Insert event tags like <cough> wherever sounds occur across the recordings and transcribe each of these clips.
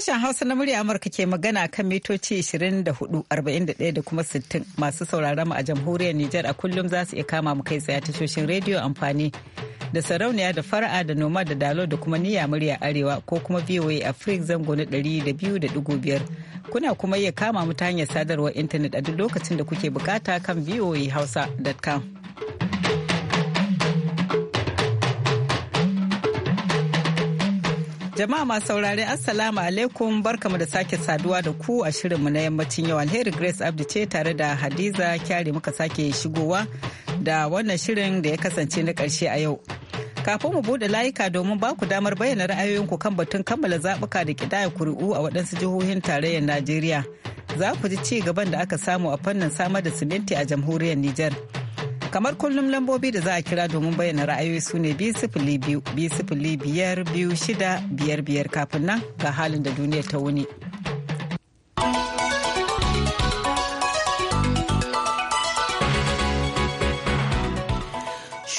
Sashen Hausa na murya Amurka ke magana kan mitoci 24,41 da kuma 60 masu sauraron mu a jamhuriyar Nijar a kullum za su iya kama mu kai tsaye tashoshin rediyo amfani da sarauniya da fara'a da noma da dalo da kuma niyya murya arewa ko kuma VOA Africa zango na 200.5 kuna kuma iya kama mu ta hanyar sadarwar intanet a duk lokacin da kuke bukata kan Hausa.com. Jama'a masu saurare Assalamu alaikum barkamu da sake saduwa da ku a shirinmu na yammacin yau alheri Grace Abdi ce tare da Hadiza kyari muka sake shigowa da wannan shirin da ya kasance na karshe a yau. Kafin mu buɗe layuka domin ba ku damar bayyana ra'ayoyinku kan batun kammala zaɓuka da ƙidaya kuri'u a waɗansu jihohin tarayyar Najeriya. Za ku ji ci gaban da aka samu a fannin samar da siminti a jamhuriyar Nijar. kamar kullum lambobi da za a kira domin bayyana ra'ayoyi su ne biyar biyar shida biyar biyar kafin nan ga halin da duniya ta wuni.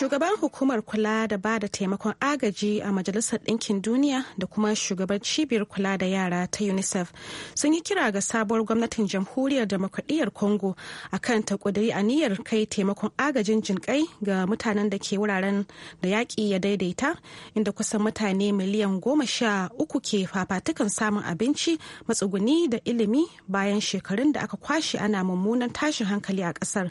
Shugaban hukumar kula da ba da taimakon agaji a Majalisar Ɗinkin Duniya da kuma shugaban cibiyar kula da yara ta UNICEF sun yi kira ga sabuwar gwamnatin jamhuriyar demokradiyyar Congo akan ta ƙudiri aniyar kai taimakon agajin jinƙai ga mutanen da ke wuraren da yaƙi ya daidaita inda kusan mutane miliyan goma sha uku ke fafatukan samun abinci matsuguni da ilimi bayan shekarun da aka kwashe ana mummunan tashin hankali a ƙasar.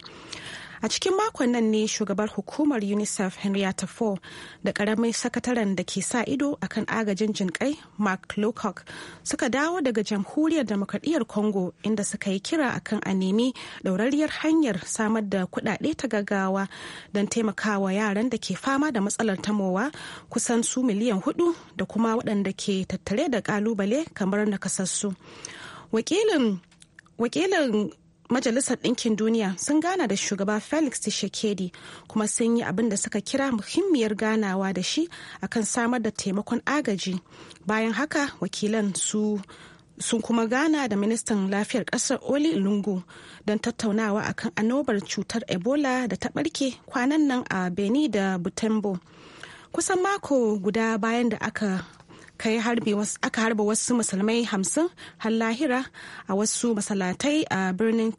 a cikin makon nan ne shugabar hukumar unicef henrietta fore da karamin sakataren da ke sa ido akan agajin jinkai mark lowcock suka dawo daga jamhuriyar demokradiyyar congo inda suka yi kira akan a nemi ɗaurariyar hanyar samar da kuɗaɗe ta gaggawa don taimakawa yaran da ke fama da matsalar tamowa kusan su miliyan hudu da kuma waɗanda ke tattare da ƙalubale kamar nakasassu wakilin Majalisar Ɗinkin Duniya sun gana da shugaba Felix Tshisekedi kuma sun yi abin da suka kira muhimmiyar ganawa da shi akan samar da taimakon agaji. Bayan haka wakilan su sun kuma gana da ministan lafiyar ƙasar Oli Lungu don tattaunawa akan annobar cutar Ebola da ta ɓarke kwanan nan a beni da Butembo. Kusan mako guda bayan da aka kai harbi aka harba wasu musulmai hamsin har lahira a wasu masalatai a birnin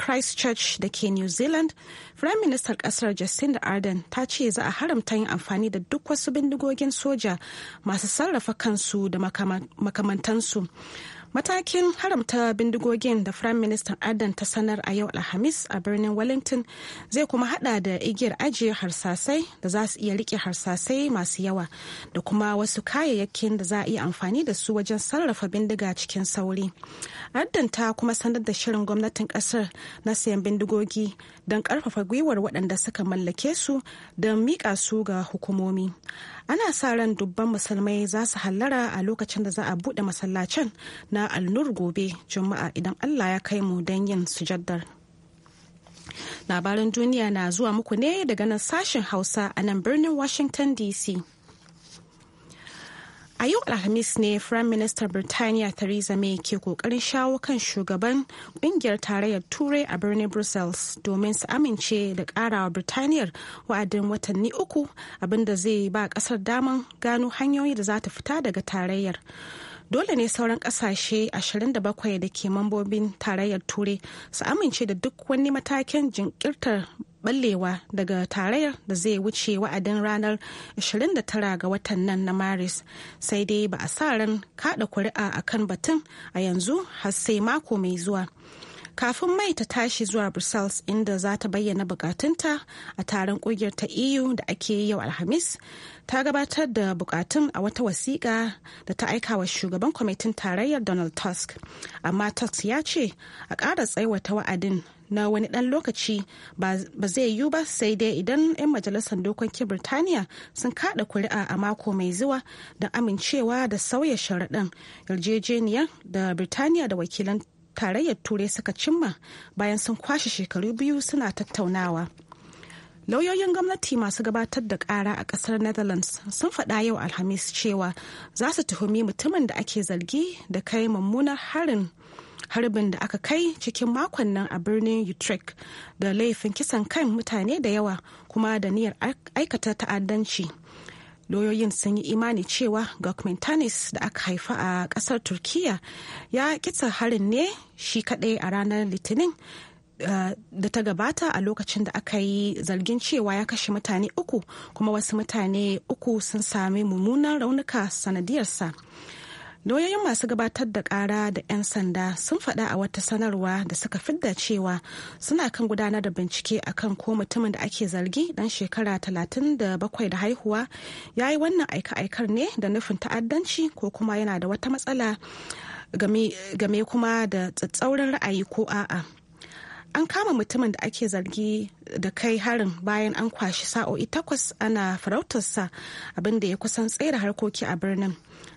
christchurch da ke new zealand prime minister kasar jacinda arden ta ce za a haramta yin amfani da duk wasu bindigogin soja masu sarrafa kansu da makamantansu matakin haramta bindigogin da firayim ministan adan ta sanar a yau alhamis a birnin wellington zai kuma hada da igiyar ajiye harsasai da za su iya rike harsasai masu yawa da kuma wasu kayayyakin da za a iya amfani da su wajen sarrafa bindiga cikin sauri adan ta kuma sanar da shirin gwamnatin kasar na sayan bindigogi don karfafa gwiwar waɗanda suka mallake su don miƙa su ga hukumomi ana sa ran dubban musulmai za su hallara a lokacin da za a bude masallacin na alnur gobe juma'a idan allah ya kai mu don yin sujaddar labaran duniya na zuwa muku ne daga nan sashen hausa a nan birnin washington dc A yau Alhamis ne Firayim Minista Birtaniya Theresa May ke kokarin shawo kan shugaban kungiyar tarayyar Turai a birnin Brussels domin su amince da karawa Birtaniyar wa'adin watanni uku abinda zai ba kasar daman gano hanyoyi da za ta fita daga tarayyar. Dole ne sauran kasashe 27 da ke mambobin tarayyar Turai su amince da duk wani matakin jinkirtar ballewa daga tarayyar da zai wuce wa'adin ranar 29 ga watan nan na maris sai dai ba a sa ran kada kuri'a a kan batun a yanzu har sai mako mai zuwa kafin mai ta tashi zuwa brussels inda za ta bayyana bukatunta a taron kungiyar ta eu da ake yau alhamis ta gabatar da bukatun a wata wasiƙa da ta aika wa shugaban kwamitin tarayyar donald tusk amma tusk ya ce a ƙara tsaiwata wa'adin na wani dan lokaci ba zai yiwu ba sai dai idan 'yan majalisar dokokin birtaniya sun kada kuri'a a mako mai zuwa don amincewa da sauya sharaɗin yarjejeniya da birtaniya da wakilan tarayyar turai suka cimma bayan sun kwashe shekaru biyu suna tattaunawa lauyoyin gwamnati masu gabatar da kara a kasar netherlands sun faɗa yau alhamis cewa za su tuhumi mutumin da ake zargi da kai mummunar harin harbin da aka kai cikin makon nan a birnin utrecht da laifin kisan kan mutane da yawa kuma da niyyar aikata ta'addanci lauyoyin sun yi imani cewa gokmentanis da aka haifa a kasar turkiya ya kitsa harin ne shi kadai a ranar litinin eh, da ta gabata a lokacin da aka yi zargin cewa ya kashe mutane uku kuma wasu mutane uku sun sami mummunan raunuka sanadiyarsa. sa doyoyin masu gabatar da ƙara da 'yan sanda sun faɗa a wata sanarwa da suka fidda cewa suna kan gudanar da bincike akan ko mutumin da ake zargi dan shekara 37 da haihuwa ya yi wannan aika-aikar ne da nufin ta'addanci ko kuma yana da wata matsala game kuma da tsatsauran ra'ayi ko a'a. an kama mutumin da ake zargi da kai harin bayan an kwashi sa'o'i takwas ana farautarsa abinda ya kusan tsere harkoki a birnin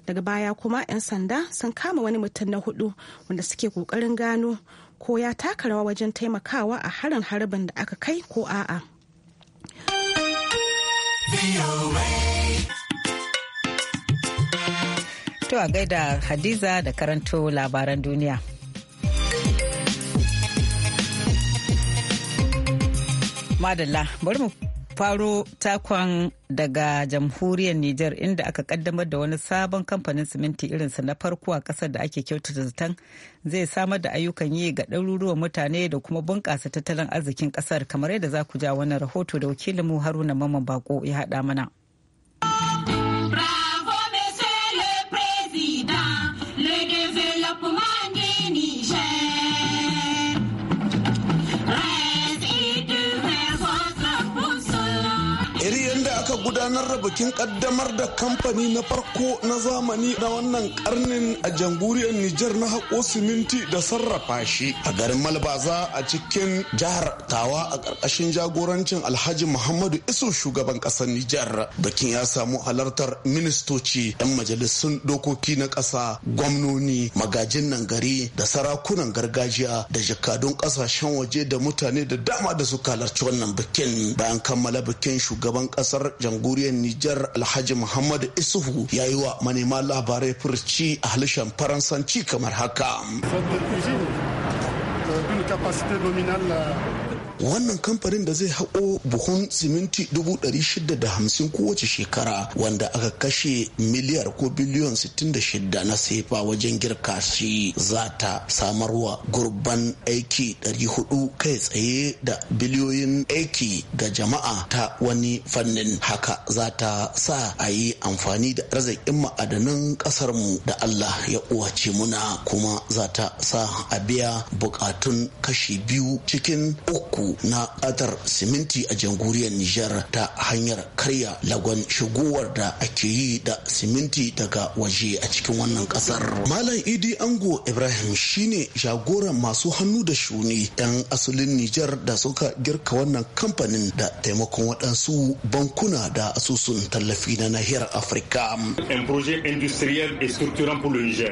daga baya kuma 'yan sanda sun kama wani mutum na hudu wanda suke kokarin gano ko ya taka rawa wajen taimakawa a harin harbin da aka kai ko a'a. To a gaida Hadiza da karanto labaran duniya. Madalla, bari mu faro takon daga jamhuriyar Nijar inda aka kaddamar da wani sabon kamfanin siminti irinsa na farko a kasar da ake kyautata zaton zai samar da ayyukan yi ga ɗaruruwan mutane da kuma bunƙasa tattalin arzikin kasar kamar yadda za ku ja wani rahoto da wakilinmu Haruna Maman Bako ya haɗa mana. gudanar da bikin kaddamar da kamfani na farko na zamani na wannan karnin a jamhuriyar Nijar na haƙo siminti da sarrafa shi a garin Malbaza a cikin jihar Tawa a ƙarƙashin jagorancin Alhaji Muhammadu Isu shugaban ƙasar Nijar. Bikin ya samu halartar ministoci 'yan majalisun dokoki na ƙasa gwamnoni magajin nan gari da sarakunan gargajiya da jakadun ƙasashen waje da mutane da dama da suka halarci wannan bikin bayan kammala bikin shugaban ƙasar jamhuriyar Nijar Alhaji Muhammad Isuhu ya yi wa manema labarai furci a halishan Faransanci kamar haka. wannan kamfanin da zai haƙo buhun siminti dubu hamsin kowace shekara wanda aka kashe miliyar ko biliyon sittin shida na sefa wajen girka shi za ta samarwa gurban aiki ɗari hudu kai tsaye da biliyoyin aiki ga jama'a ta wani fannin haka za ta sa a yi amfani da arzikin ma'adanan mu da allah ya uwace muna kuma za ta sa a biya bukatun kashi biyu cikin uku kyau na ƙatar siminti a jamhuriyar Nijar ta hanyar karya lagon shigowar da ake yi da siminti daga waje a cikin wannan ƙasar. Malam Idi Ango Ibrahim shine jagoran masu hannu da shuni 'yan asalin Nijar da suka girka wannan kamfanin da taimakon waɗansu bankuna da asusun tallafi na nahiyar Afirka.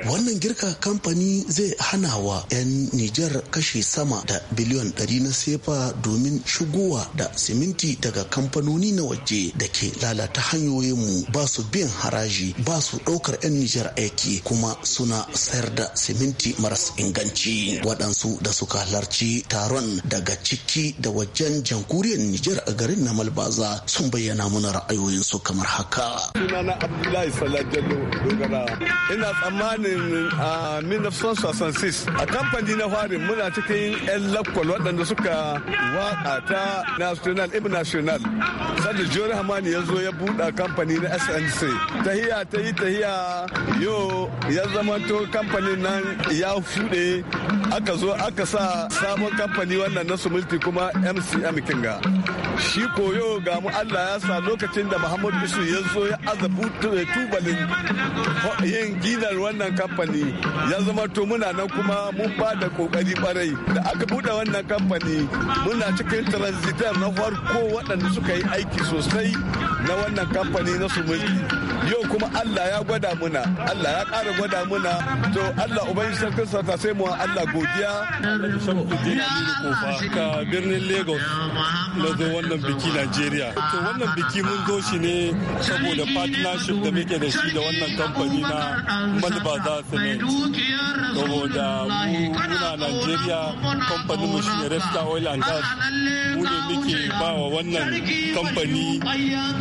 Wannan girka kamfani zai hana wa 'yan Nijar kashe sama da biliyon 100 na sefa domin shigowa da siminti daga kamfanoni na waje da ke lalata hanyoyinmu ba su biyan haraji ba su ɗaukar 'yan Nijar aiki kuma suna sayar da siminti maras inganci. Waɗansu da suka halarci taron daga ciki da wajen jamhuriyar Nijar a garin na Malbaza sun bayyana mana su kamar haka. Sunana Ina tsammanin a 1966 a kamfani na farin muna cikin 'yan lakwal waɗanda suka national ta national international sanda jori hamani ya zo ya buɗa kamfani na snc tahiya ta yi tahiya yo ya zama to kamfanin nan ya fuɗe aka zo aka sa sabon kamfani wannan na multi kuma mcm kinga shi koyo ga mu Allah ya sa lokacin da Muhammadu Isu ya zo ya azabu eh, tubalin yin ginar wannan kamfani ya zama to muna nan kuma mun ba da kokari barai da aka buɗe wannan kamfani muna cikin transitor na farko waɗanda suka yi aiki sosai na wannan kamfani na sumuki yau kuma Allah ya gwada muna Allah ya ƙara gwada muna to Allah ubangiji sarkin sarka sai mu Allah godiya ka birnin Lagos na zo wannan biki nigeria. to wannan biki mun zo shi ne saboda partnership da muke da shi da wannan kamfani na Malba za saboda muna Najeriya kamfani mu shi Resta Oil and Gas mu ne muke ba wa wannan kamfani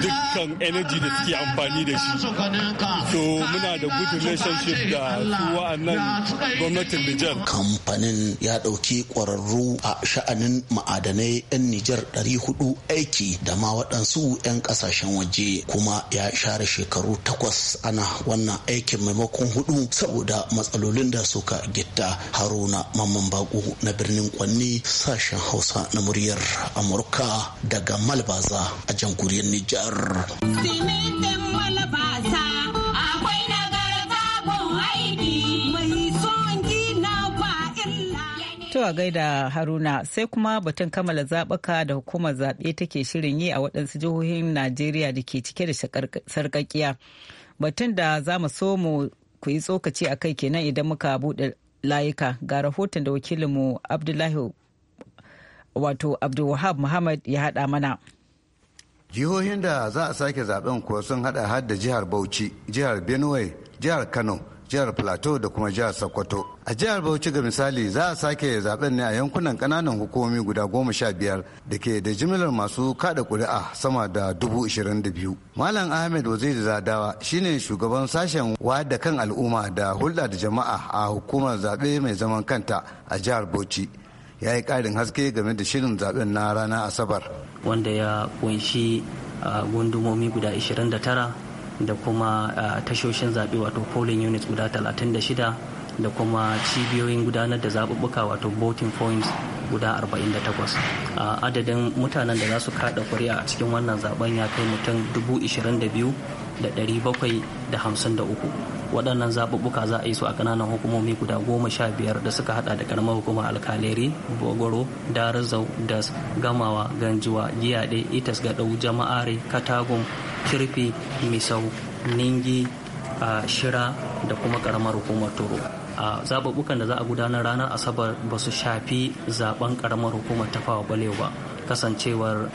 dukkan energy da suke amfani da shi to muna da gudun relationship da su wa'annan gwamnatin Nijar. Kamfanin ya ɗauki ƙwararru a sha'anin ma'adanai 'yan Nijar 400 aiki da ma waɗansu 'yan ƙasashen waje kuma ya share shekaru takwas ana wannan aikin maimakon hudu saboda matsalolin da suka gitta haruna mamman bako na birnin kwanni sashen hausa na muryar amurka daga malbaza a jamhuriyar Nijar. To a gaida Haruna sai kuma batun kammala zaɓuka da hukumar zaɓe take shirin yi a waɗansu jihohin Najeriya da ke cike da sarƙaƙiya. Batun da za mu so mu ku yi tsokaci a kai kenan idan muka buɗe layuka ga rahoton da wakilinmu Abdullahi wato Abdulwahab Muhammad ya haɗa mana. Jihohin da za a sake zaben kuwa sun haɗa har da jihar Bauchi, jihar Benue, jihar Kano, jihar plateau da kuma jihar sokoto a jihar bauchi ga misali za a sake zaben ne a yankunan kananan hukumomi guda goma sha biyar da ke da jimlar masu kada kuri'a sama da dubu ishirin da biyu malam ahmed waziri zadawa shine shugaban sashen wada kan al'umma da hulɗa da jama'a a hukumar zaɓe mai zaman kanta a jihar bauchi ya yi ƙarin haske game da shirin zaben na ranar asabar wanda ya kunshi ah, gundumomi guda 29 da kuma tashoshin zaɓe wato polling units guda 36 da kuma cibiyoyin gudanar da zaɓuɓɓuka wato voting points guda 48 adadin mutanen da za su kaɗa kuri'a a cikin wannan zaben ya kai mutum 22,753 waɗannan zaɓuɓɓuka za a yi su a ƙananan hukumomi guda goma sha biyar da suka haɗa da karamar hukumar alkaleri bogoro darazau da gamawa ganjuwa giyaɗe itas gaɗau jama'are katagun kirfi misau ningi shira da kuma karamar hukumar toro a zaɓuɓɓukan da za a gudanar ranar asabar ba su shafi zaɓen karamar hukumar tafawa balewa ba kasancewar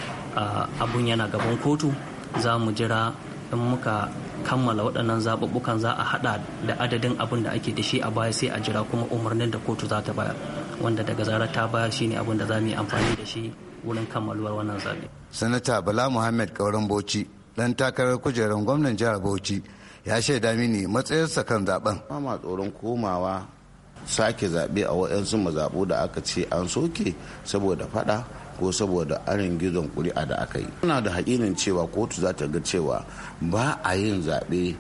abun yana gaban kotu za mu jira in muka kammala waɗannan zaɓuɓɓukan za a haɗa da adadin abin da ake da shi a baya sai a jira kuma umarnin da kotu za ta bayar wanda daga zarar ta bayar shine abin da za mu yi amfani da shi wurin kammaluwar wannan zaɓe. sanata bala muhammad kauran bauchi dan takarar kujerar gwamnan jihar bauchi ya shaida mini matsayarsa kan zaben. ma tsoron komawa sake zaɓe a wa'yansu mazaɓu da aka ce an soke saboda faɗa ko saboda arin gizon kuri'a da aka yi ina da haƙinin cewa kotu za ta ga cewa ba a yin zaɓe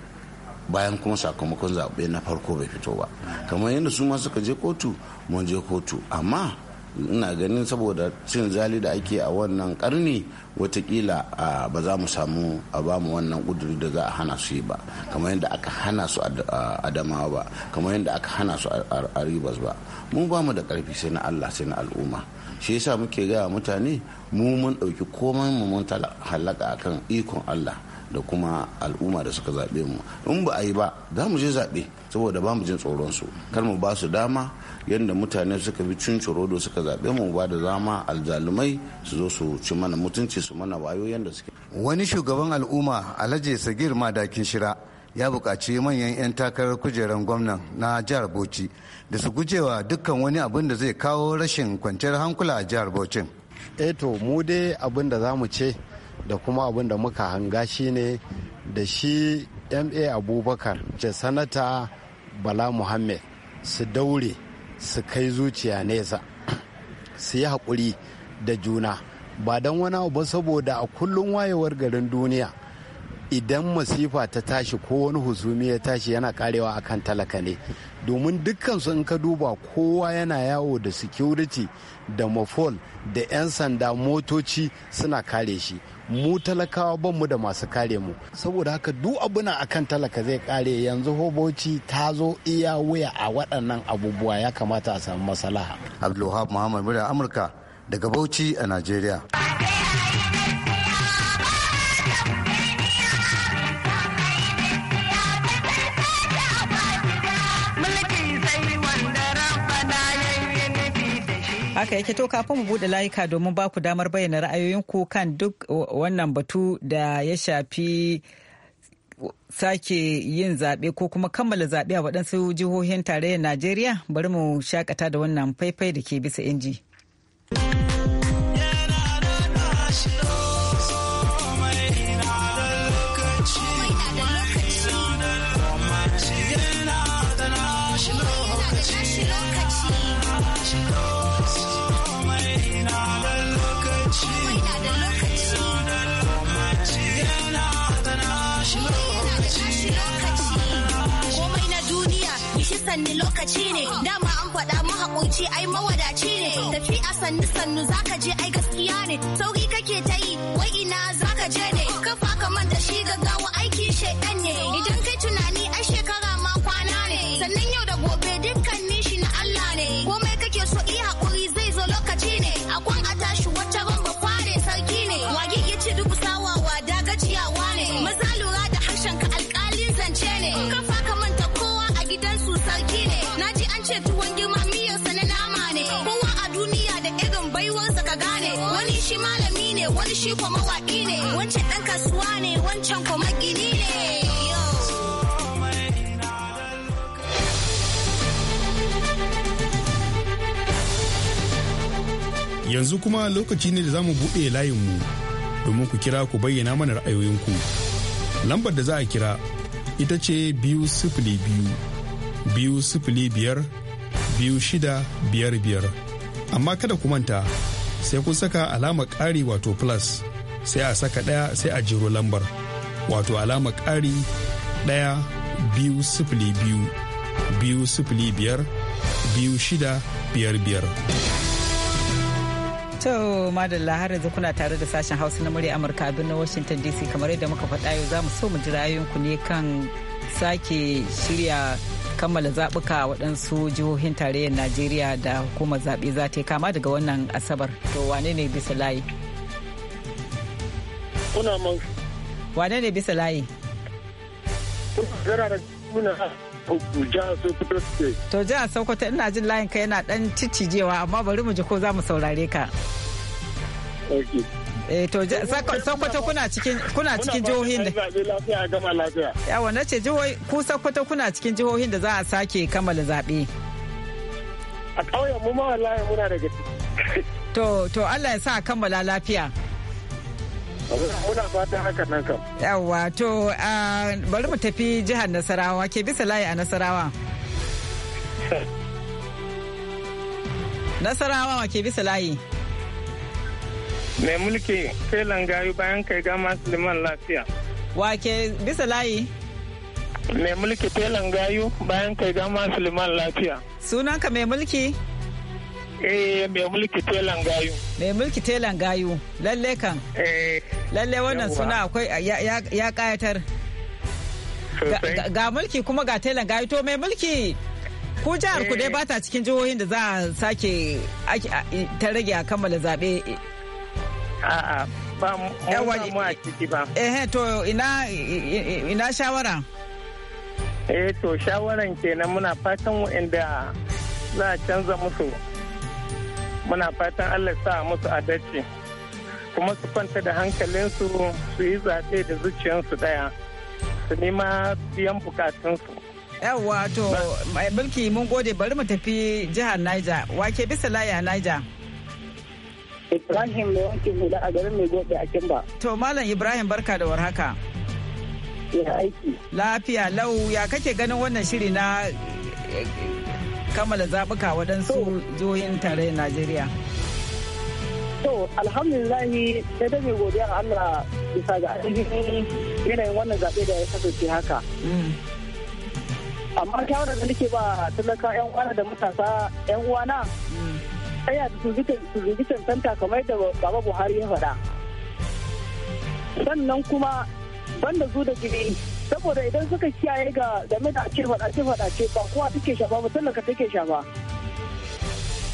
bayan kuma sakamakon zaɓe na farko bai fito ba kamar yadda su ma suka je kotu mun je kotu amma ina ganin saboda cin zali da ake a wannan karni watakila ba za mu samu a ba mu wannan kuduri da za a hana su yi ba kamar yadda aka hana su adamawa ba kamar yadda aka hana su a ribas ba mun ba mu da karfi sai na allah sai na al'umma shi yasa muke gaya mutane mu mun ɗauki komai mu mun halaka akan ikon allah da kuma al'umma da suka zaɓe mu in ba a yi ba za mu je zaɓe saboda ba mu jin tsoron su kar mu ba su dama yadda mutane suka bi da suka zaɓe mu ba da zama aljalumai su zo su ci mana mutunci su mana wayo yadda suke wani shugaban al'umma alhaji sagir madakin shira ya buƙaci manyan 'yan takarar kujerar gwamnan na jihar bauchi da su gujewa dukkan wani abin da zai kawo rashin kwanciyar hankula a jihar bauchin eto eh mu dai abin da za mu ce da kuma abin da muka hanga shi ne da shi ma abubakar da sanata bala muhammed su daure su kai zuciya nesa su yi haƙuri da juna ba don wani abu saboda a kullum wayewar garin duniya idan masifa ta tashi ko wani husumi ya tashi yana karewa akan talaka ne domin dukkansu in ka duba kowa yana yawo da security da mafol da 'yan sanda motoci suna kare shi mu talakawa ban mu da masu kare mu saboda haka duk abuna akan talaka zai kare yanzu hoboci ta zo iya wuya a waɗannan abubuwa ya kamata a samu masalaha abdulwahab muhammad murya amurka daga bauchi a najeriya haka yake to kafin mu bude layuka domin ba ku damar bayyana ra'ayoyinku kan duk wannan batu da ya shafi sake yin zaɓe ko kuma kammala zaɓe a waɗansu jihohin tarayyar Najeriya bari mu shakata da wannan faifai da ke bisa inji. sanni lokaci ne dama an faɗa mahaƙunci ai mawadaci ne tafi a sannu sannu zaka je ai gaskiya ne sauki kake ta yi kasa ka gane wani shi malami ne wani shi ko mawaki ne wancan dan kasuwa ne wancan ko gini ne yanzu kuma lokaci ne da za mu buɗe layinmu domin ku kira ku bayyana mana ra'ayoyinku lambar da za a kira ita ce biyu sifili biyu biyu sifili biyar biyu shida biyar biyar amma kada ku manta sai kun saka alama ƙari wato plus sai a saka ɗaya sai a jiro lambar wato alama ƙari ɗaya biyu sifili biyu biyu sifili biyar biyu shida biyar biyar. To madalla har yanzu kuna tare da sashen hausa na murya Amurka a birnin Washington DC kamar yadda muka faɗa yau za mu so mu ji ra'ayoyinku ne kan sake shirya kammala zaɓuka waɗansu jihohin tarayyar najeriya da hukumar zaɓe za ta yi kama daga wannan asabar to wane ne bisa layi kuna man wane ne bisa layi to jihar sokoto ina jin layin ka yana ɗan cicijewa amma bari mu ji ko za mu saurare ka eh to sokoto kuna cikin kuna cikin jihohin da lafiya gama lafiya yawa na ce jihohi ku sokoto kuna cikin jihohin da za a sake kammala zabe a kauyen mu ma wallahi muna daga ciki to to Allah ya sa kammala lafiya muna fatan haka nan kam yawa to bari mu tafi jihar Nasarawa ke bisa layi a Nasarawa <laughs> Nasarawa ke bisa layi mai mulki felan gayu bayan kai gama suleiman lafiya wake bisa layi mai mulki felan gayu bayan kai gama suleiman lafiya sunanka mai mulki eh mai mulki telan gayu mai mulki telan gayu lalle kan eh lalle wannan suna akwai ya kayatar ga mulki kuma ga telan gayu to mai mulki ku jihar ku dai eh. bata cikin jihohin da za a sake ta rage a kammala zabe A'a ba mu a ciki ba. Eh to ina ina shawara. Eh to shawaran kenan muna fatan waɗanda za a canza musu. Muna fatan Allah sa musu adalci. kuma su kwanta da hankalinsu su yi zaɓe da zuciyarsu ɗaya su nema biyan bukatunsu. Yawa to, mulki mun gode bari mu tafi jihar Niger, wake bisa laya Niger. Ibrahim mai wanke hula a garin mai gobe a Kimba. To Malam Ibrahim barka da warhaka. Ya aiki. Lafiya lau ya kake ganin wannan shiri na eh, kammala zaɓuka waɗansu jihohin tarayyar Najeriya. To alhamdulillahi sai dai mai godiya Allah bisa ga ainihin yanayin wannan zaɓe da ya kasance haka. Mm. Amma kyawar da nake ba talaka 'yan uwana da matasa 'yan uwana. Mm. tsaya da santa kamar da baba buhari ya faɗa sannan kuma banda zu da jini saboda idan suka kiyaye ga game da ake faɗace faɗace ba kowa take shafa ba tallaka take shafa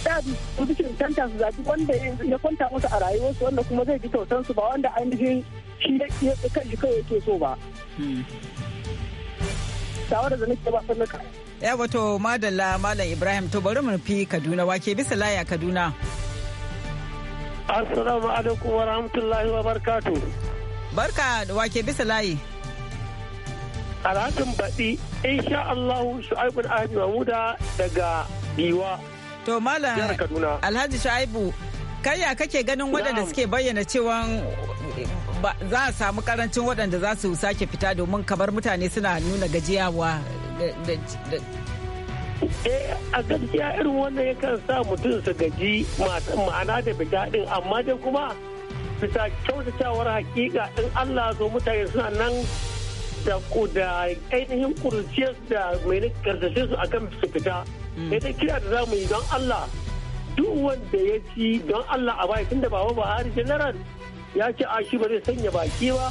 da surbitin santa su zaɓi wanda ya kwanta musu a rayuwarsu wanda kuma zai ji su ba wanda ainihin shi ya kan shi kawai yake so ba hmm. shawarar da nake ba sallaka ya wato madalla malam ibrahim to bari mu fi kaduna wake bisa laya kaduna assalamu alaikum wa rahmatullahi wa barakatu barka da wake bisa layi a baɗi insha allahu shu'aibun ahmed mamuda daga biwa to malam alhaji shu'aibu kai ya kake ganin waɗanda suke bayyana cewa za a samu karancin waɗanda za su sake fita domin kamar mutane suna nuna gajiyawa wa eh, a gaskiya irin wannan yakan sa mutum su gaji ma'ana da fita din amma dai kuma bisa kyautatawar hakika in Allah zo mutane suna nan da da ainihin kurciyar da mai karsashe su akan su fita ya mm. ta kira da zamu yi don Allah duk wanda ya ci don Allah a bai tun da baba Buhari general ya ce a shi ba zai sanya baki ba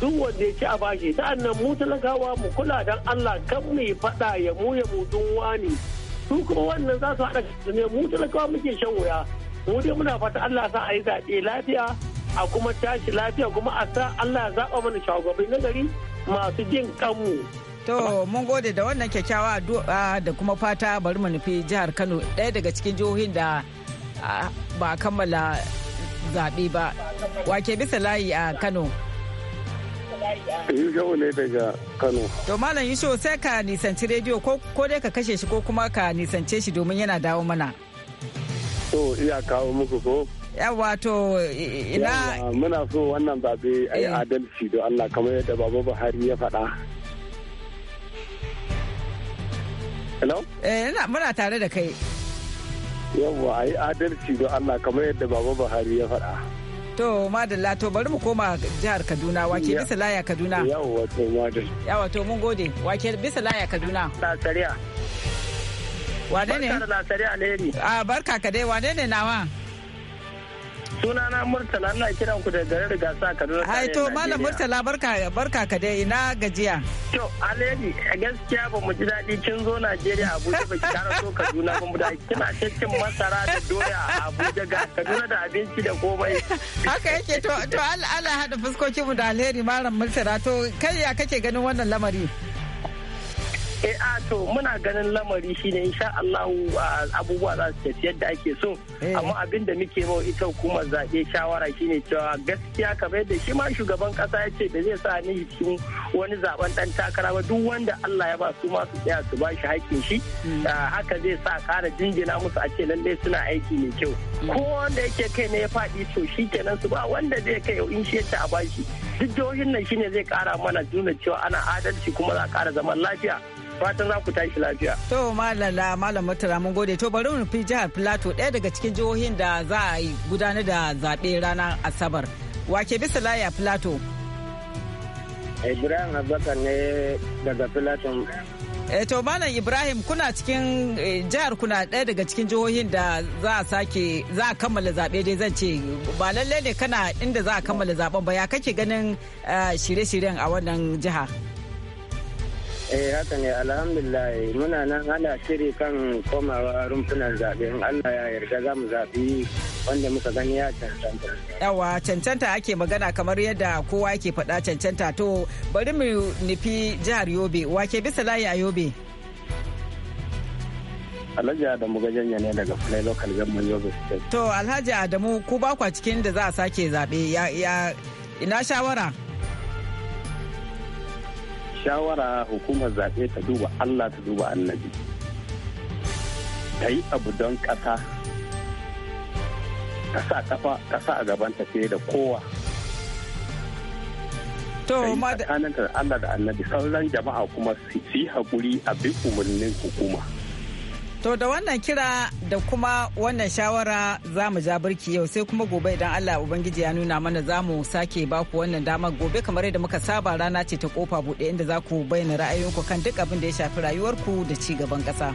duk wanda ya ci a bashi sa'an nan mu talakawa mu kula dan Allah kan mu yi faɗa ya mu ya mutun wani su kuma wannan za su haɗa ne mu talakawa muke shan wuya mu dai muna fata Allah sa a yi zaɓe lafiya a kuma tashi lafiya kuma a sa Allah zaɓa mana shugabanni na gari masu jin kanmu. To mun gode da wannan kyakkyawa addu'a da kuma fata bari mu nufi jihar Kano ɗaya daga cikin jihohin da ba kammala zaɓe ba. Wake bisa layi a Kano. Yusho ne daga Kano. To Malam Yusho sai ka nisanci rediyo ko dai ka kashe shi ko kuma ka nisance shi domin yana dawo mana. To iya kawo muku ko? Yawa to ina. Muna so wannan zaɓe a yi eh. adalci don Allah kamar yadda Baba Buhari ya faɗa. Hello? Eh, muna tare da kai. yawwa a yi adalci don allah kamar yadda baba buhari ya faɗa to madalla to bari mu koma jihar kaduna wake bisa laya kaduna yawwa to madalla yawwa to mun gode wake bisa laya kaduna lasariya wane ne barka da lasariya ne Ah barka ka dai wane ne nawa sunana murtala ina kiran ku da garin gasa kaduna ai to malam murtala barka barka ka dai ina gajiya to alheri gaskiya ba mu ji daɗi kin zo najeriya abuja ba ki kara so kaduna ba mu da kina cikin masara da doya a abuja ga kaduna da abinci da komai haka yake to to Allah hada fuskokin mu da alheri malam murtala to kai ya kake ganin wannan lamari eh a ah, to muna ganin lamari shine insha Allah ah, abubuwa za su tafi yadda ake so eh. amma abin da muke mawa ita hukumar zaɓe shawara shine cewa gaskiya ka bai da shi ma shugaban kasa ya ce ba zai sa ni cikin wani zaben ɗan takara ba duk wanda Allah ya ba su ma su tsaya su ba shi haƙƙin shi hmm. ah, haka zai sa ƙara jinjina musu a ce lallai suna aiki mai kyau hmm. ko wanda yake kai ne ya faɗi to shi kenan su ba wanda zai kai in shi ci a bashi duk jihohin nan shine zai ƙara mana nuna cewa ana adalci kuma za a ƙara zaman lafiya fatan za ku tashi lafiya. To malala malam mutara mun gode to bari mu fi jihar Plateau ɗaya daga cikin jihohin da za a gudanar da zaɓe ranar Asabar. Wake bisa laya Plateau. Ibrahim Abubakar ne daga Plateau. E, eh, to malam Ibrahim kuna cikin eh, jihar kuna ɗaya daga cikin jihohin da za a sake za a kammala zaɓe dai zan ce ba lallai ne kana inda za a kammala zaɓen ba ya kake ganin eh, shirye-shiryen a wannan jiha. eh haka ne alhamdulillah muna nan ana shiri kan komawa rumfunan zaɓe in allah ya yarda za mu zaɓi wanda muka gani ya cancanta yawa cancanta ake magana kamar yadda kowa yake faɗa cancanta to bari mu nufi jihar yobe wake bisa layi a yobe Alhaji Adamu gajen ne daga Fulai Local Government Yobe State. To Alhaji Adamu ku ba kwa cikin da za a sake zaɓe ya ina shawara? shawara hukumar zaɓe ta duba Allah ta duba annabi ta yi abu don ƙasa ka sa ƙafa ka sa a gaban tafiye da kowa to ma da Allah da annabi sauran jama'a kuma su yi haƙuri a bin umarnin hukuma To da wannan kira da kuma wannan shawara za mu ja birki yau sai kuma gobe idan Allah Ubangiji ya nuna mana za mu sake baku wannan damar gobe kamar yadda muka saba rana ce ta kofa buɗe inda za ku bayyana ra'ayoyinku kan duk abin da ya shafi rayuwarku da ci gaban ƙasa.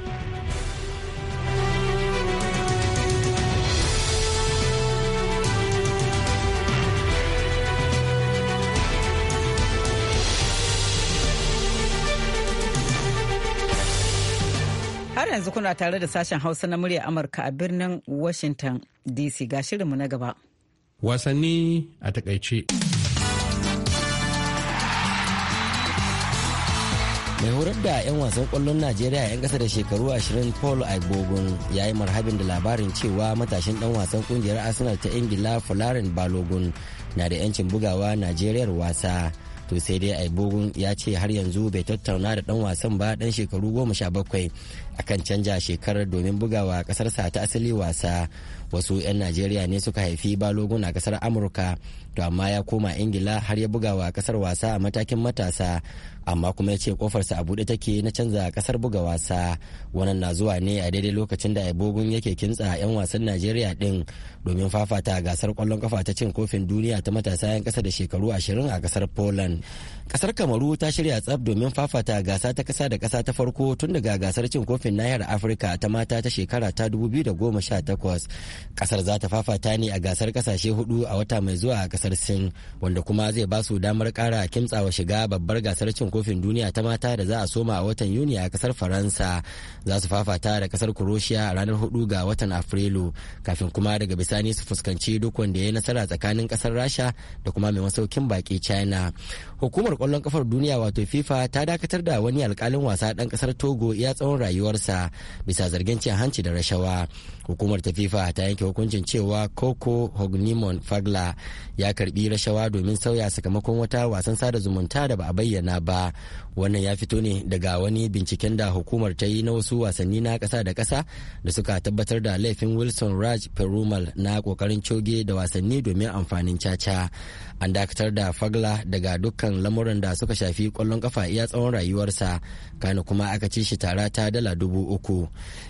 yanzu kuna tare da sashen Hausa na murya Amurka a birnin Washington DC ga shirinmu na gaba. Wasanni a takaice. mai horar da 'yan wasan kwallon najeriya 'yan kasa da shekaru 20 paul agbobin ya yi marhabin da labarin cewa matashin dan wasan kungiyar arsenal ta ingila fularen balogun na da 'yancin bugawa najeriyar wasa to sai dai aibogun ya ce har yanzu bai tattauna da dan wasan ba dan shekaru goma sha bakwai akan canja shekarar domin bugawa kasarsa ta asali wasa wasu 'yan najeriya ne suka haifi balogun a kasar amurka to amma ya koma ingila har ya bugawa kasar wasa a matakin matasa amma kuma ya ce kofarsa a bude take na canza kasar buga wasa wannan na zuwa ne a daidai lokacin da ibogun yake kintsa 'yan wasan najeriya din domin fafata gasar kwallon kafa ta cin kofin duniya ta matasa 'yan kasa da shekaru ashirin a kasar poland kasar kamaru ta shirya tsaf domin fafata gasa ta kasa da kasa ta farko tun daga gasar cin kofin kofin nahiyar afirka ta mata ta shekara ta 2018 kasar za ta fafata ne a gasar kasashe hudu a wata mai zuwa a kasar sin wanda kuma zai ba su damar kara kimtsawa shiga babbar gasar cin kofin duniya ta mata da za a soma a watan yuni a kasar faransa za su fafata da kasar kuroshiya a ranar hudu ga watan afrilu kafin kuma daga bisani su fuskanci duk wanda ya nasara tsakanin kasar rasha da kuma mai masaukin baki china hukumar kwallon kafar duniya wato fifa ta dakatar da wani alkalin wasa dan kasar togo ya tsawon rayuwar kasarsa bisa zargin cin hanci da rashawa hukumar ta fifa ta yanke hukuncin cewa koko hognimon fagla ya karbi rashawa domin sauya sakamakon wata wasan sada zumunta da ba a bayyana ba wannan ya fito ne daga wani binciken da hukumar ta yi na wasu wasanni na kasa da ƙasa da suka tabbatar da laifin wilson raj perumal na ƙoƙarin coge da wasanni domin amfanin caca an dakatar da fagla daga dukkan lamuran da suka shafi kwallon kafa iya tsawon rayuwarsa kana kuma aka ci shi tara ta dala dubu uku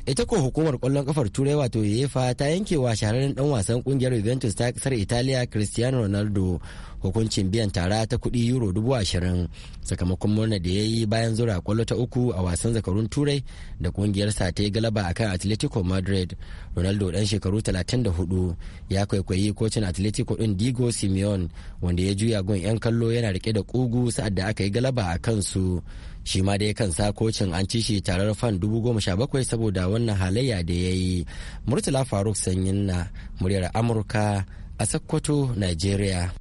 ita ko hukumar ƙwallon kafar turai wato uefa ta yankewa wa shahararren dan wasan ƙungiyar juventus ta ƙasar italiya cristiano ronaldo hukuncin biyan tara ta kudi euro dubu ashirin sakamakon murna da ya yi bayan zura kwallo ta uku a wasan zakarun turai da kungiyarsa ta yi galaba akan atletico madrid ronaldo dan shekaru 34 ya kwaikwayi kocin atletico din digo simeon wanda ya juya gun 'yan kallo yana rike da kugu sa'ad da aka yi galaba a kansu shi ma dai kansa kocin an ci shi tarar fan bakwai saboda wannan halayya da ya yi murtala faruk sanyin na muryar amurka a sakkwato nigeria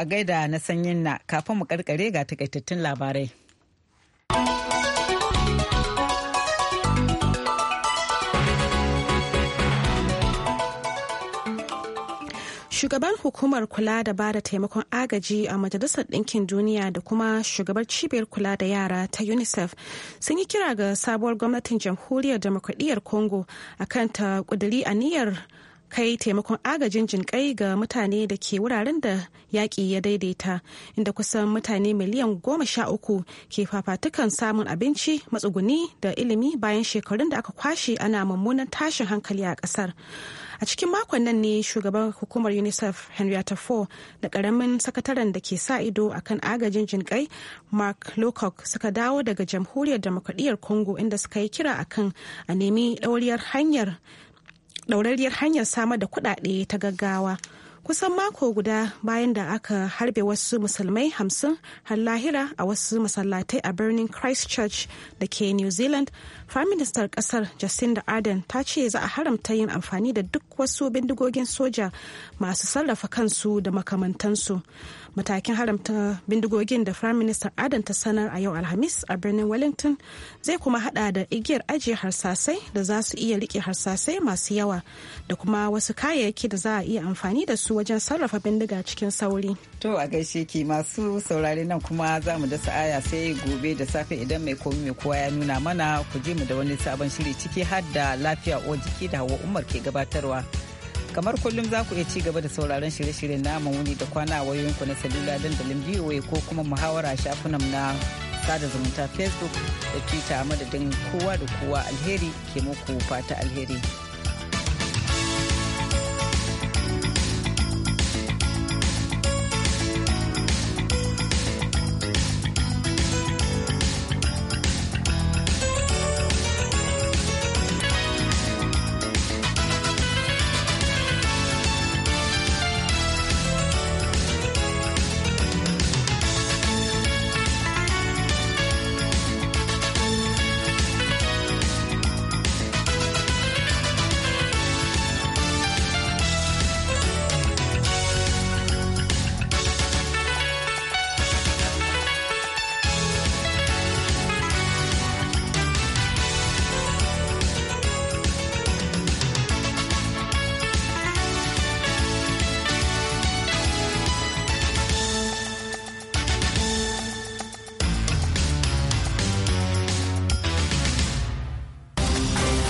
a gaida na sanyin na kafin mu karkare ga takaitattun labarai. shugaban hukumar kula da ba da taimakon agaji a majalisar ɗinkin duniya da kuma shugabar cibiyar kula da yara ta unicef sun yi kira ga sabuwar gwamnatin jamhuriyar demokradiyyar congo a akan ta kuduri aniyar kai taimakon agajin jinƙai ga mutane da ke wuraren da yaƙi ya daidaita inda kusan mutane miliyan goma sha uku ke fafatukan samun abinci matsuguni da ilimi bayan shekarun da aka kwashe ana mummunan tashin hankali a ƙasar a cikin makon nan ne shugaban hukumar unicef henrietta ford da ƙaramin sakataren da ke sa ido akan agajin jinƙai mark lowcock suka dawo daga jamhuriyar demokradiyyar congo inda suka yi kira akan a nemi ɗauriyar hanyar ɗaurariyar hanyar samar da kuɗaɗe ta gaggawa kusan mako guda bayan da aka harbe wasu musulmai hamsin har lahira a wasu masallatai a birnin christchurch da ke new zealand firaministan kasar jacinda ardern ta ce za a haramta yin amfani da duk wasu bindigogin soja masu sarrafa kansu da makamantansu matakin haramta bindigogin da firayim ministan adam ta sanar a yau alhamis a birnin wellington zai kuma hada da igiyar ajiye harsasai da za su iya rike harsasai masu yawa da kuma wasu kayayyaki da za a iya amfani da su wajen sarrafa bindiga cikin sauri to a gaishe ki masu saurare nan kuma za mu dasa aya sai gobe da safe idan mai komi mai kowa ya nuna mana ku je mu da wani sabon shiri ciki har da lafiya uwar jiki da hawa umar ke gabatarwa kamar kullum za ku iya ci gaba da sauraron shirye-shiryen namu wuni da kwana a wayoyinku na salula dandalin voa ko kuma muhawara shafunan na sada zumunta facebook da twitter a madadin kowa da kowa alheri ke muku fata alheri.